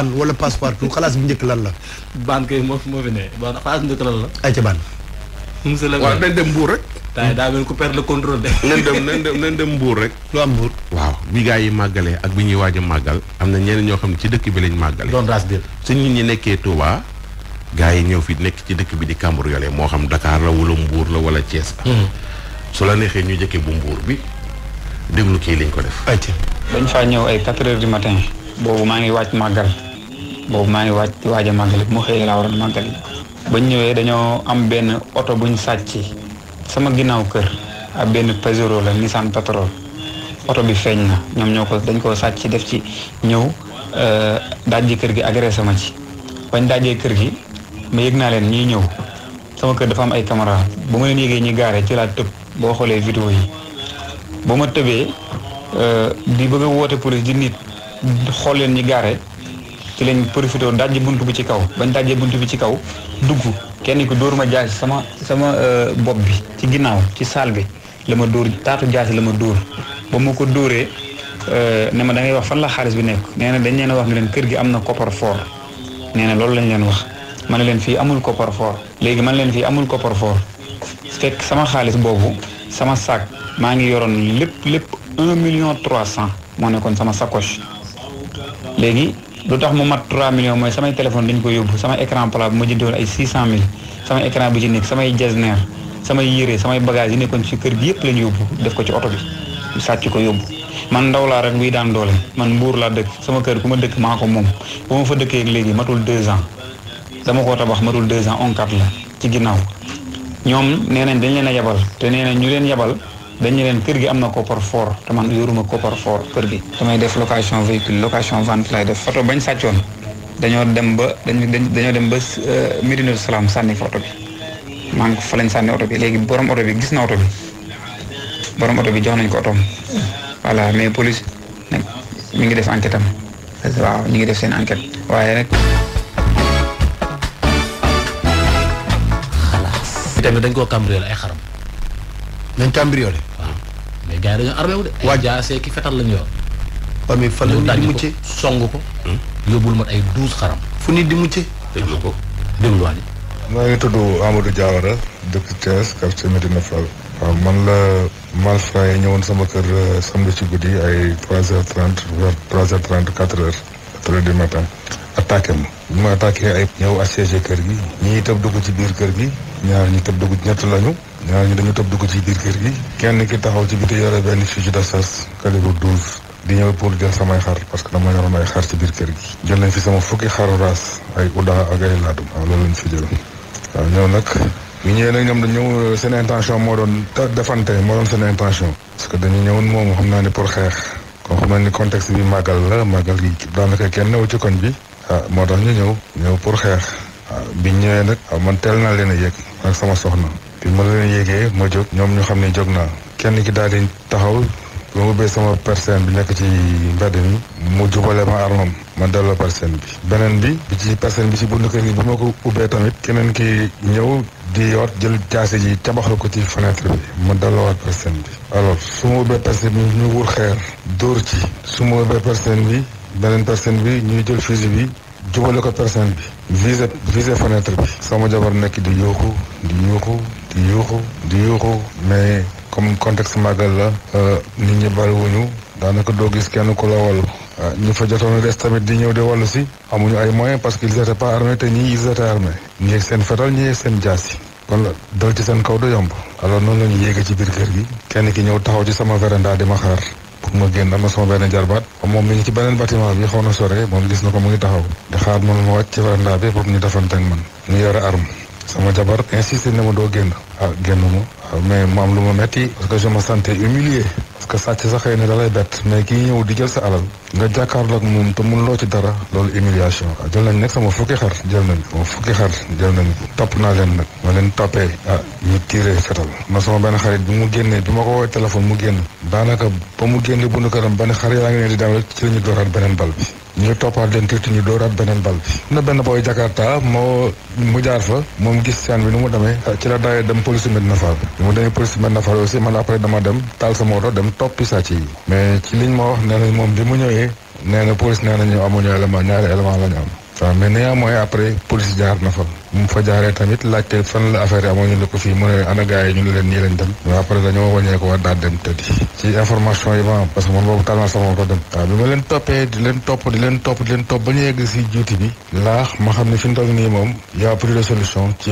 baan wala passe-partout xalaas bu njëkk lan bu njëkk lan waaw bi gaa yi màggalee ak bi ñuy waaj a màggal am na ñeneen ñoo xam ne ci dëkk bi lañ màggalee. doon raas biir su nit ñi nekkee Touba. gaa yi ñëw fi nekk ci dëkk bi di cambriolé moo xam Dakar la wala Mbour la wala Thiès la. Hmm. su la neexee ñu jëkkee bu Mbour bi déglu kii liñ ko def. ayca. bañ faa ñëw ay 4 heures du matin. boobu maa ngi wàcc màggal. boobu maa ngi waaj waaj a màggali mu xëyee laa waroon màggali bañ ñëwee dañoo am benn oto buñ sàcc sama ginnaaw kër ak benn Pajero la Nissan Patrol oto bi feeñ na ñoom ñoo ko dañ koo ci def ci ñëw euh, dajji kër gi agressé ma ci bañ dajjee kër gi ma yëg naa leen ñuy ñëw sama kër dafa am ay caméra bu ma leen yëgee ñi gaare ci laa tëb boo xoolee vidéo yi ba ma tëbee euh, di bëgg a woote police di nit xool leen ñi gaare ci lañ profité woon dajji bunt bi ci kaw bañ dajjee bunt bi ci kaw dugg kenn ku dóor ma jaasi sama sama euh, bopp bi ci ginnaaw ci saal bi la ma dóor taatu jaasi la ma dóor ba mu ko dóoree euh, ne ma da ngay wax fan la xaalis bi nekk nee na dañ leen a wax ne leen kër gi am na koppar foor nee na loolu lañ leen wax ma ne leen fii amul koppar léegi man leen fii amul koppar foor fekk sama xaalis boobu sama sac maa ngi yoroon lépp lépp un million trois cent moo nekkoon sama sacoche lu tax mu mat 3 millions mooy samay téléphone dañ ko yóbbu sama écran plat bu ma jëndoon ay 600000 sama écran bu ci nekk samay jasneer samay yére samay bagage yi nekkoon si kër gi yëpp lañ yóbbu def ko ci oto bi sàcc ko yóbbu man ndaw laa rek buy daan doole man mbuur laa dëkk sama kër ku ma dëkk maa ko moom ba ma fa dëkkee léegi matul 2 ans dama koo tabax matul 2 ans on la ci ginnaaw ñoom nee nañ dañ leen a yabal te nee ñu leen yabal dañu leen kër gi am na koppar fort te man yoruma koppar fort kër gi. damay def location véhicule location vente lay def foto bañ sàccoon dañoo dem ba dañoo dem ba euh, Médina Salaam sànni fa oto bi maa ngi fa lañ sànni oto bi léegi borom oto bi gis na oto bi borom oto bi jox nañ ko otoom voilà mais police nag mi ngi def enquête am waaw ñu ngi def seen enquête waaye nag. dañ koo cambriolé ay xaram. gars yi dañoo armé wu de. waa jaasee ki fetal lañu yor. waa mais fan la nit di muccee song ko. Hmm? yóbbul mat ay douze xaram. fu nit di muccee. déglu ko déglu waa ji. maa ngi tudd Amadou Diawara dëkk Thiès quartier Médina Fall. waaw man la malfrats yi ñëwoon sama kër euh, samedi ci guddi ay trois heures trente vers trois heures trente quatre heures. quatre heures du matin attaqué ma. ñu ma attaqué ay ñëw assiégé kër gi ñii tëb dugg ci biir kër gi ñaar ñi tëb dugg ñett lañu ñaar ñi dañu tëb dugg ci biir kër gi kenn ki taxaw ci biti yore benn fusil d'assaut calibre 12 di ñëw pour jël samay xar parce que dama yoroon ay xar ci biir kër gi jël nañ fi sama fukki xaru raas ay uda ak ay laadum waaw loolu lañ fi jël waaw ñëw nag ñu ñoom dañu ñëw seen intention moo doon defante moo doon seen intention parce que dañu ñëwoon moom xam naa ne pour xeex kon xam naa ni contexte bi màggal la màggal gi daanaka kenn newu ci koñ bi ah moo tax ñu ñëw ñëw pour xeex biñ ñëwee nag man teel naa leen a yëg ak sama soxna bi ma leen yëgee ma jóg ñoom ñu xam ne jóg naa kenn ki daal di taxaw ba mu ubbee sama personne bi nekk ci mbedd mi mu jubale ma armam ma delloo personne bi beneen bi bi ci personne bi ci buntu kër gi bu ma ko ubbee tamit keneen ki ñëw di yoot jël jaase ji tabaxal ko ci fenêtre bi ma delloowaat personne bi alors su ma ubbee personne bi ñu wur xeer dóor ci su ma ubbee personne bi beneen personne bi ñuy jël fusil bi jubale ko personne bi visé visé fenêtre bi sama jabar nekk di yuuxu di yuuxu di yuuxu di yuuxu mais comme contexte màggal la euh, nit ñi bariwuñu daanaka doo gis kenn ku la wallu euh, ñu fa jotoon a des tamit di ñëw di wallu si amuñu ay moyen parce que ils étaient pas armés te ñii ils étaient armés ñii ak seen fetal ñii ak seen jaasi kon la dal ci seen kaw yomb alors noonu la ñu yéege ci biir kër gi kenn ki ñëw taxaw ci sama véranda di ma pour ma génn am na sama benn jarbaat moom mi ngi ci beneen bâtiment bi xaw na sore moom gis na ko mu ngi taxaw di xaar man ma wàcc ci veranda bi pour ñu defante ak man ñu yore arme sama jabar insisté na ma doo génn ah génn ma mais mu lu ma metti parce que je me sentais humilié parce que sàcc sa xëy na da bett mais kii ñëw di jël sa alal nga jàkkaar jàkkaarloog moom te loo ci dara loolu humiliation jël nañ nag sama fukki xar jël nañ sama fukki xar jël nañ topp naa leen nag ma leen toppee ah ñu tiré fetal ma sama benn xarit bi mu génnee bi ma ko woowee téléphone mu génn daanaka ba mu génne bundu këram benn xar yaa ngi ne di dem ci la ñu dooraat beneen bal bi ñu toppaat leen tuuti ñu dooraat beneen bal bi na benn booy Jakarta moo mu jaar fa moom gis seen bi nu mu demee ah, ci la daawee dem police Medina Fall mu demee police Medina Fall aussi man après dama dem taal sama oto dem toppi sàcc yi mais ci liñ ma wax nee nañ moom bi mu ñëwee nee na police nee nañu amuñu élément ñaari élément la am waaw mais nee mooy après police jaar na fa mu fa jaaree tamit laajte fan la affaire yi amoon ñu ne ko fii mu ne ana gars yi ñu ne leen nii lañ dem mais après dañoo wàññeeku waat daal dem tëddi ci information yi ma parce que man boobu talna sama ma leen toppee di leen topp di leen ba ñu yegg si juuti bi xam ne fi mu toll nii moom y'a plus de solution ci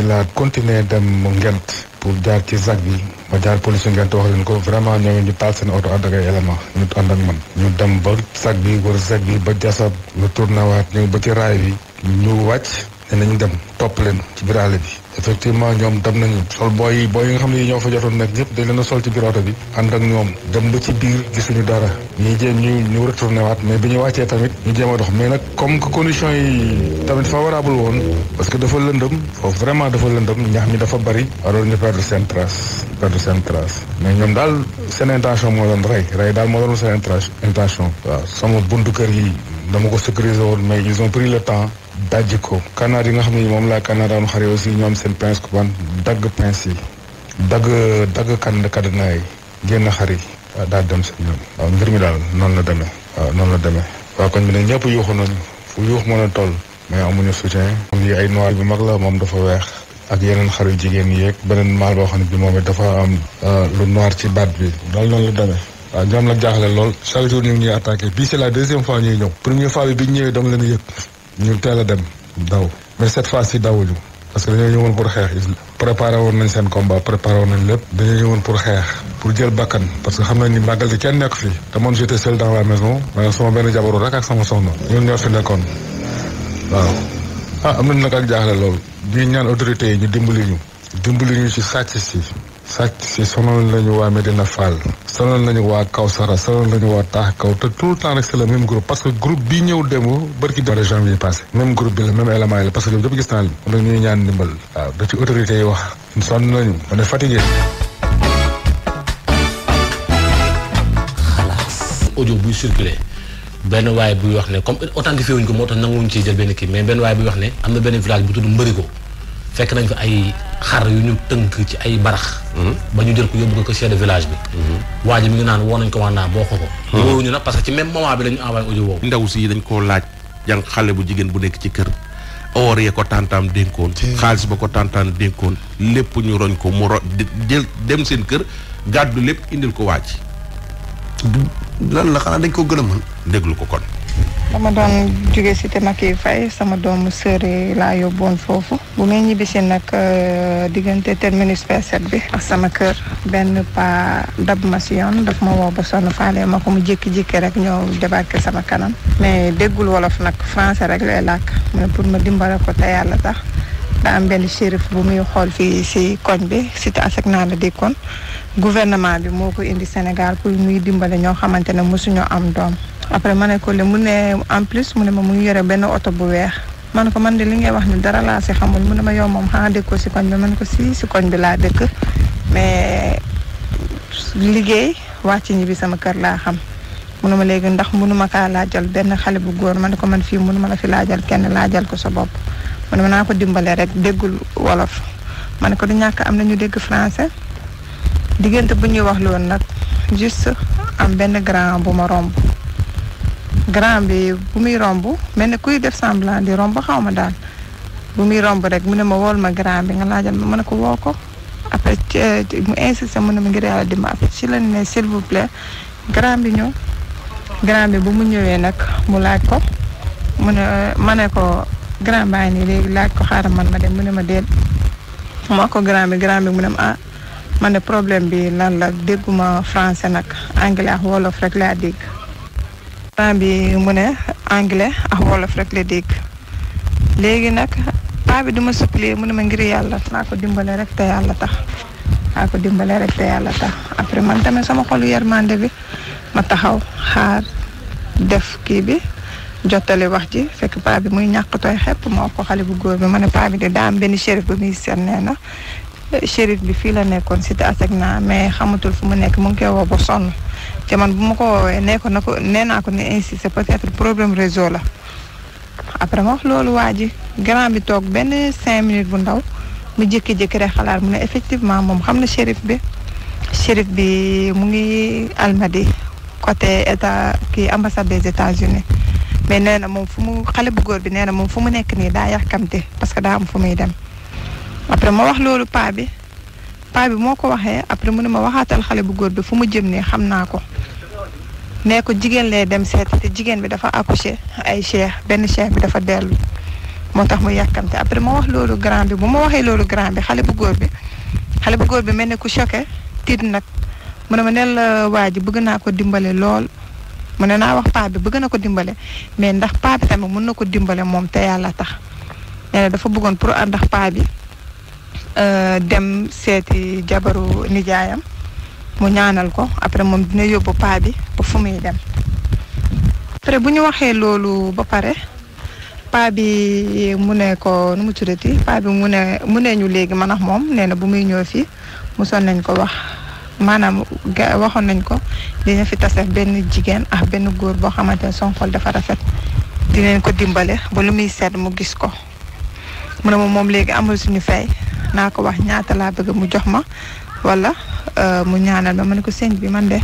pour jaar ci ZAC yi ma jaar police ngent wax leen ko vraiment ñoo ngi ñu taal seen oto ànd ak ay ñu dem ba ZAC bi wër ZAC bi ba jasab ñu tourné waat ñu ba ci raay bi ñu wàcc ne nañ dem topp leen ci biir àll bi effectivement ñoom dem nañu sol booy yi booy yi nga xam ne ñoo fa jotoon nekk ñëpp dañ leen na sol ci biir oto bi ànd ak ñoom dem ba ci biir gisuñu dara ñuy jéem ñu ñu retourné waat mais bi ñu wàccee tamit ñu jéem a dox mais nag comme que condition yi tamit favorable woon parce que dafa lëndëm foofu vraiment dafa lëndëm ñax mi dafa bari alors ñu perdre seen trace perdre seen trace mais ñoom daal seen intention moo doon rey rey daal moo doon seen intention waaw sama buntu kër yi dama ko sécuriser woon mais ils ont le temps dajj ko kanaar yi nga xam ne moom laa kanaar daan xare aussi ñoom seen pince ku ban dagg yi dagg dagg kan kaddanaa yi génn xar yi daal dem seen yoon waaw mbir mi daal noonu la demee waaw noonu la demee waaw kon bi ne ñëpp yuuxu nañu fu yuux mën a toll mais amuñu soutien lii ay noir bi mag la moom dafa weex ak yeneen xaru jigéen yeeg beneen maal boo xam ne bi moom it dafa am euh, lu noir ci baat bi daal noonu la demee waaw ñoom la jaaxle lool chaque jour ñu ngi ñuy bii c'est la deuxième fois ñuy ñëw première fois bi biñ ñëwee dama ñu teel a dem daw mais cette fois ci dawuñu parce que dañoo ñëwoon pour xeex préparé woon nañ seen combat préparé woon nañ lépp dañoo ñëwoon pour xeex pour jël bakkan parce que xam nañ ni màggal gi kenn nekk fii te man j'étais seul dans la maison maanaam sama benn jabaru rek ak sama soxna ñun ñoo fi nekkoon waaw ah am nañ nag ak jaaxle loolu ñuy ñaan autorités yi ñu dimbali ñu dimbali ñu ci sàcc si sàcc si sonal nañu waa Medina Fall sonal nañu waa Kawsara sonal nañu waa Taax Kaw te tout le temps rek c'est le même parce que group bi ñëw démb barki de janvier passé même groupe bi la même élément yi la parce que ñëpp gis naa li kon ñuy ñaan ndimbal waaw da yi wax sonn nañu on est fatigué xalaas audio buy circulé benn waaye buy wax ne comme authentifié wuñ ko moo tax nanguwuñ ci jël benn kii mais benn waaye buy wax ne am na benn village bu tudd Mbëriko fekk nañ fa ay xar yu ñu tënk ci ay barax. Mhm. ba ñu jël ko yóbbu ko ko chef de village bi. Mhm. waa ji mi ngi naan woo nañ ko waan naa boo ko ko. Mhm. wóoruñu nag parce que ci même moment bi la ñu envoyé audio ndaw si dañ koo laaj jàng xale bu jigéen bu nekk ci kër. oor ya ko tantaam dénkoon. xaalis ba ko tantaam dénkoon. lépp ñu roñ ko mu ro jël dem seen kër gàddu lépp indil ko waa ji. lan la xanaa dañ ko gën a mën. déglu ko kon. dama doon jóge cité Macky Faye sama doomu sœur yi laa yóbboon foofu bu may ñibbisi nag euh, diggante terminus P7 bi ak sama kër benn pa dab ma si yoon daf ma woo ba sonn faale ma ko mu jékki-jékki rek ñëw débarqué sama kanam mais déggul wolof nag français rek lay làkk mu ne pour ma dimbale ko te yàlla tax daa am benn shérif bu muy xool fii si koñ bi cité asek naa la dikkoon gouvernement bi moo ko indi Sénégal pour muy dimbale ñoo xamante ne mosuñoo am doom après ma ne ko li mu ne en plus mu ne ma mu ngi yore benn oto bu weex ma ne ko man de li ngay wax ni dara laa si xamul mu ne ma yow moom xanaa dëkkoo si koñ bi ma ne ko si si koñ bi laa dëkk mais liggéey wax ci ñibbi sama kër laa xam mu ne ma léegi ndax mënu ma laa jal benn xale bu góor ma ne ko man fii mënu ma la fi laajal kenn laa jal ko sa bopp mu ne ma naa ko dimbale rek déggul wolof ma ne ko du ñàkk am na ñu dégg français diggante bu ñuy wax loolu nag juste am benn grand bu ma romb grand bi bu muy romb mel ne kuy def semblant di romb xaw ma daal bu muy romb rek mu ne ma wool ma grand bi nga laajal ma ne ko woo ko mu insisté mu ne ma ma après la ne grand bi ñëw grand bu mu ñëwee nag mu laaj ko mu ne ma ne ko grand baa nii laaj ko xaaral man ma dem mu ne ma déet ma ko grand bi grand bi mu ne ma ah ma ne problème bi lan la dégguma français nag anglais ak wolof rek laa dégg. temps bi mu ne anglais a wolof rek la dégg léegi nag paa bi du ma supplier mu ne ma ngir yàlla naa ko dimbale rek te yàlla tax naa ko dimbale rek te yàlla tax après man tamit sama xolu yermande bi ma taxaw xaar def kii bi jottali wax ji fekk paa bi muy ñàkk tooy xepp moo ko xale bu góor bi ma ne paa bi daa am benn shérif bu muy seet nee na shérif bi fii la nekkoon cité Asegna mais xamatul fu mu nekk mu ngi koy woo ba sonn te man bu ma ko woowee nekkoon ko na ko nee naa ko ne insisté peut-être problème réseau la. après ma wax loolu waa ji grand bi toog benn cinq minutes bu ndaw mu jékki-jékki rek xalaat mu ne effectivement moom xam na shérif bi shérif bi mu ngi Almadi côté état kii ambassade des États-Unis mais nee na moom fu mu xale bu góor bi nee na moom fu mu nekk nii daa yàkkamte parce que daa am fu muy dem. après ma wax loolu paa bi paa bi moo ko waxee après mu ne ma waxaatal xale bu góor bi fu mu jëm ne xam naa ko ne ko jigéen lay dem seet te jigéen bi dafa accouché ay cheikh benn cheikh bi dafa dellu moo tax mu yàkkamte après ma wax loolu grand bi bu ma waxee loolu grand bi xale bu góor bi xale bu góor bi mel ne ku choqué tiit nag mu ne ma nel waa ji bëgg naa ko dimbale lool mu ne naa wax paa bi bëgg na ko dimbale mais ndax paa bi tamit mën na ko dimbale moom te yàlla tax dafa bëggoon pour ndax paa bi Euh, dem seeti jabaru nijaayam mu ñaanal ko après moom dina yóbbu paa bi ba fu muy dem après bu ñu waxee loolu ba pare paa bi mu ne ko nu mu tuddati paa bi mu ne mu ne ñu léegi man ak moom nee na bu muy ñëw fii mosoon nañ ko wax maanaam waxoon nañ ko dina fi tase benn jigéen ak benn góor boo xamante ne son xol dafa rafet dinañ ko dimbale ba lu muy seet mu gis ko mu ne moom léegi amul suñu fay naa ko wax ñaata laa bëgg mu jox ma wala euh, mu ñaanal ma ma ne ko sëñ bi man de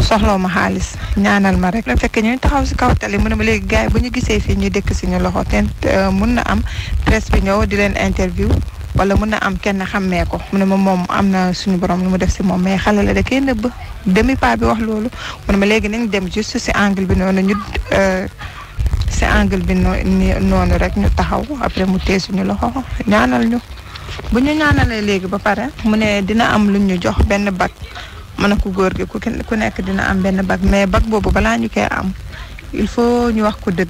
soxloo ma xaalis ñaanal ma rek. fekk ñu taxaw si kaw tali mu ne ma léegi gars yi bu ñu gisee fii ñu dëkk suñu loxo te euh, mun na am presse bi di leen interview. wala mën na am kenn xàmmee ko mu ne ma moom am na suñu borom lu mu def si moom mais xale la da koy nëbb demi pas bi wax loolu mu ne ma léegi nañ dem juste si angle bi noonu ñu euh, si angle bi noonu rek ñu taxaw après mu téye suñu loxo ñaanal ñu. bu ñu ñaanalee léegi ba pare mu ne dina am lu ñu jox benn bag mën ko góor gi ku ku nekk dina am benn bag mais bag boobu balaa ñu koy am il faut ñu wax ko dëgg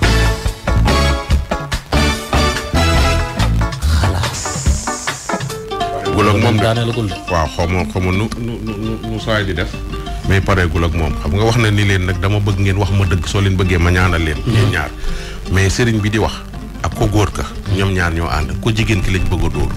gul ak mom waaw xawma xawma nu nu nu saay di def mais pare gul ak mom xam nga wax na ni leen nag dama bëgg ngeen wax ma dëgg soo leen bëggee ma ñaanal leen ñeen mm-hmm. ñaar mais sëriñ bi di wax ak ko góor ka ñoom ñaar ñoo ànd ko jigéen ki lañ bëgg a dóor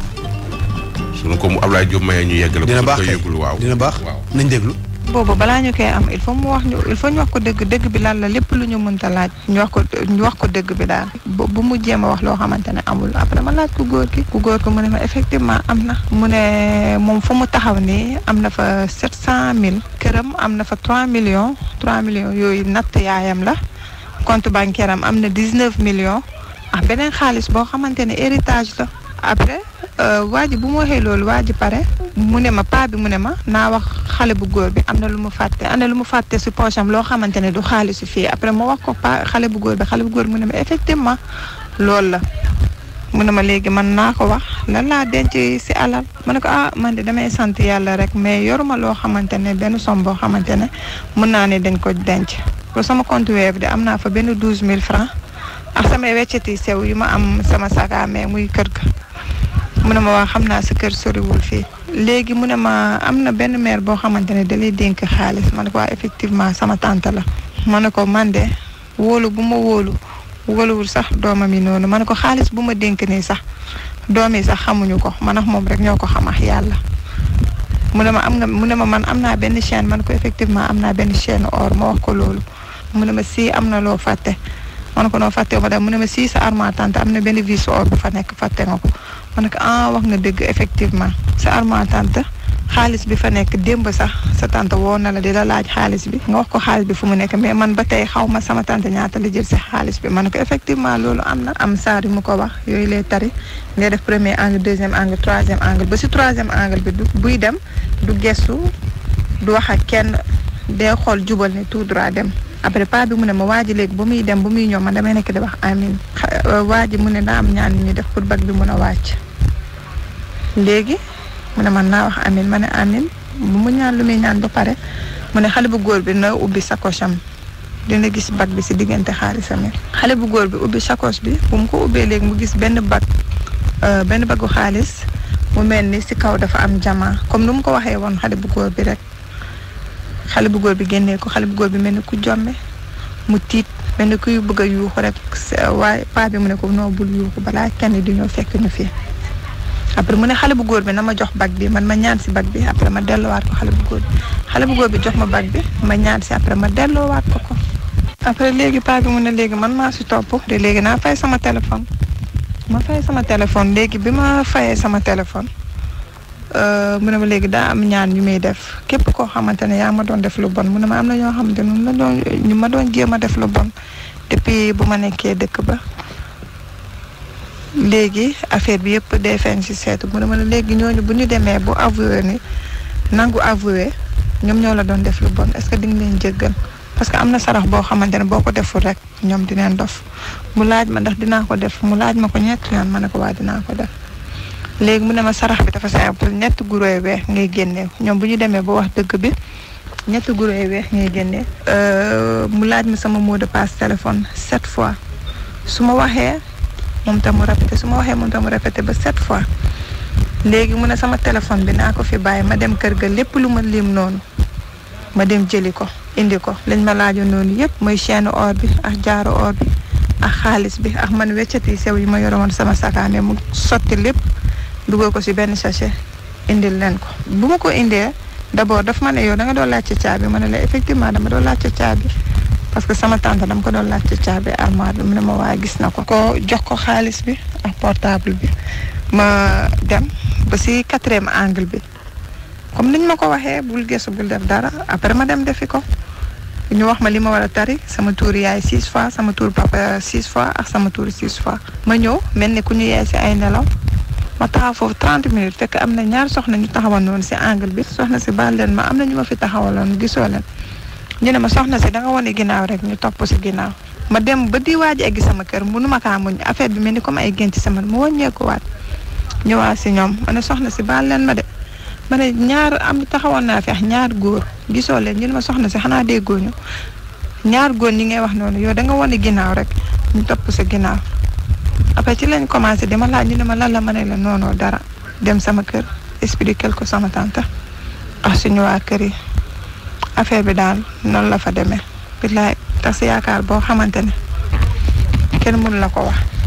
mu Ablaye Diop mayee ñu dina baax kay waaw dina baax nañ déglu. boobu balaa ñu koy am il faut mu wax ñu il faut ñu wax ko dëgg dëgg bi lan la lépp lu ñu mënta laaj ñu wax ko ñu wax ko dëgg bi daal bu mu jéem a wax loo xamante ne amul après ma laaj ku góor ki ku góor ki mu ne ma effectivement am na mu ne moom fa mu taxaw nii am na fa sept cent mille këram am na fa trois millions trois millions yooyu natt yaayam la compte bancaire am am na dix neuf million ah beneen xaalis boo xamante ne héritage la après Euh, waa ji bu mu waxee loolu waaju pare mu ne ma paa bi mu ne ma naa wax xale bu góor bi am na lu mu fàtte am na lu mu fàtte si poche am loo xamante ne du xaalisu fii après ma wax ko paa xale bu góor xale bu góor mu ne ma effectivement loolu la. mu ne ma léegi man naa ko wax lan laa denc si alal ma ne ko ah man de damay sant yàlla rek mais yoruma loo xamante ne benn somme boo xamante ne mën naa ne dañ ko denc. pour sama compte Wave am naa fa benn douze mille francs ak samay weccet sew yu ma am sama sakaamee muy kër ga. mu ne ma waa xam naa sa kër soriwul fii léegi mu ne ma am na benn maire boo xamante ne dalay dénk xaalis ma ne ko waa effectivement sama tante la ma ne ko man de wóolu bu ma wóolu wóoluwul sax doomam yi noonu ma ne ko xaalis bu ma dénk nii sax doom yi sax xamuñu ko man moom rek ñoo ko xamax yàlla mu ne ma am na mu ne ma man am naa benn chaine man ko effectivement am na benn chaîne or ma wax ko loolu mu ne ma sii am na loo fàtte man ko noo fàtte ma dem mu ne ma sii sa armoire tante am na fa nekk fàtte nga ko ma ne ko ah wax nga dëgg effectivement sa armoire tante xaalis bi fa nekk démb sax sa tante woo na la di la laaj xaalis bi nga wax ko xaalis bi fu mu nekk mais man ba tey xaw ma sama tante ñaata la jël si xaalis bi man ne ko effectivement loolu am na am saar yu mu ko wax yooyu lay tari ngay def premier angle deuxième angle troisième angle ba si troisième angle bi du buy dem du gestu du wax ak kenn day xool jubal ne tout droit dem après pas bi mu ne ma waa ji léegi ba muy dem ba muy ñëw man damay nekk di wax amin euh, waa ji mu ne naa am ñaan ñu def pour bag bi mun a wàcc léegi mu ne man naa wax amin ma ne amin bu mu ñaan lu muy ñaan ba pare mu ne xale bu góor bi na ubbi sacoche am dina gis bag bi si diggante xaalisam yi xale bu góor bi ubbi sacoche bi bu mu ko ubbee léegi mu gis benn bag euh, benn bagu xaalis mu mel ni si kaw dafa am jama comme nu mu ko waxee woon xale bu góor bi rek xale bu góor bi génnee ko xale bu góor bi mel ni ku jomme mu tiit mel ni kuy bëgg a yuuxu rek waaye paa bi mu ne ko noo bul yuuxu balaa kenn di ñoo fekk ñu fii après mu ne xale bu góor bi na ma jox bag bi man ma ñaan si bag bi après ma delloowaat ko xale bu góor bi góor bi jox ma bag bi ma ñaan si après ma delloowaat ko ko. après léegi paa bi mu ne léegi man maa si topp de léegi naa fay sama téléphone ma fay sama téléphone léegi bi ma fayee sama téléphone. Eh, mu ne ma léegi daa am ñaan yu may def képp koo xamante ne yaa ma doon def lu bon mu ne ma am na ñoo xamante ne ma doon ñu ma doon jéem a def lu bon depuis bu ma nekkee dëkk ba léegi affaire bi yëpp day feeñ si seetu mu ne ma léegi ñooñu bu ñu demee bu avoué ni nangu avoué ñoom ñoo la doon def lu bon est ce que di leen jéggal parce que am na sarax boo xamante ne boo ko deful rek ñoom dineen dof mu laaj ma ndax dinaa ko def mu laaj ma ko ñett yoon ma ne ko waa dinaa ko def léegi eh, mu ne ma sarax bi dafa simple ñetti guro yu weex ngay génne ñoom bu ñu demee ba wax dëgg bi ñetti guro yu weex ngay génne mu laaj ma sama mot de passe téléphone sept fois su ma waxee tam mu tam mu ba sept fois léegi mu ne sama téléphone bi naa ko fi bàyyi ma dem kër ga lépp lu ma lim noonu ma dem jëli ko indi ko lañ ma laajoon noonu yépp mooy chaîne or bi ak jaaro or bi ak xaalis bi ak man sew yi ma sama sakaame mu dugal ko si benn sachet indil leen ko bu ma ko indee d'abord daf ma ne yow da nga doon laajte caabi ma ne la effectivement dama doon laajte caabi parce que sama tante dama ko doon laajte caabi bi mu ne ma waaye gis na ko. ko jox ko xaalis bi ak bi ma dem ba si quatrième angle bi comme niñ ma ko waxee bul gëstu bul def dara après ma dem defi ko. ñu wax ma li ma war a tari sama tuur yaay six fois sama tuur papa six fois ak sama tuur six fois ma ñëw mel ni ku ñu yaay si ay nelaw. ma taxaw foofu 30 minutes fekk am na ñaar soxna ñu taxawoon woon si angle bi soxna si baal leen ma am na ñu ma fi taxawaloon gisoo leen ñu ne ma soxna si da nga wane ginnaaw rek ñu topp si ginnaaw ma dem ba di waaj egg sama kër mënu ma kaa muñ affaire bi mel ni comme ay gént si man mu waat ñëwaat si ñoom ma ne soxna si baal leen ma de ma ne ñaar am taxawoon naa fi ak góor gisoo leen ñu ne ma soxna si xanaa déggooñu ñaar góor ñi ngay wax noonu yow da nga wane ginnaaw rek ñu topp sa ginnaaw. après ci lañ commencé dama laaj ñu ne ma lan la ma ne la noonoo dara dem sama kër expliquer ko sama tante ak suñu waa kër yi affaire bi daal noonu la fa demee billaay tax si yaakaar boo xamante ne kenn mënu la ko wax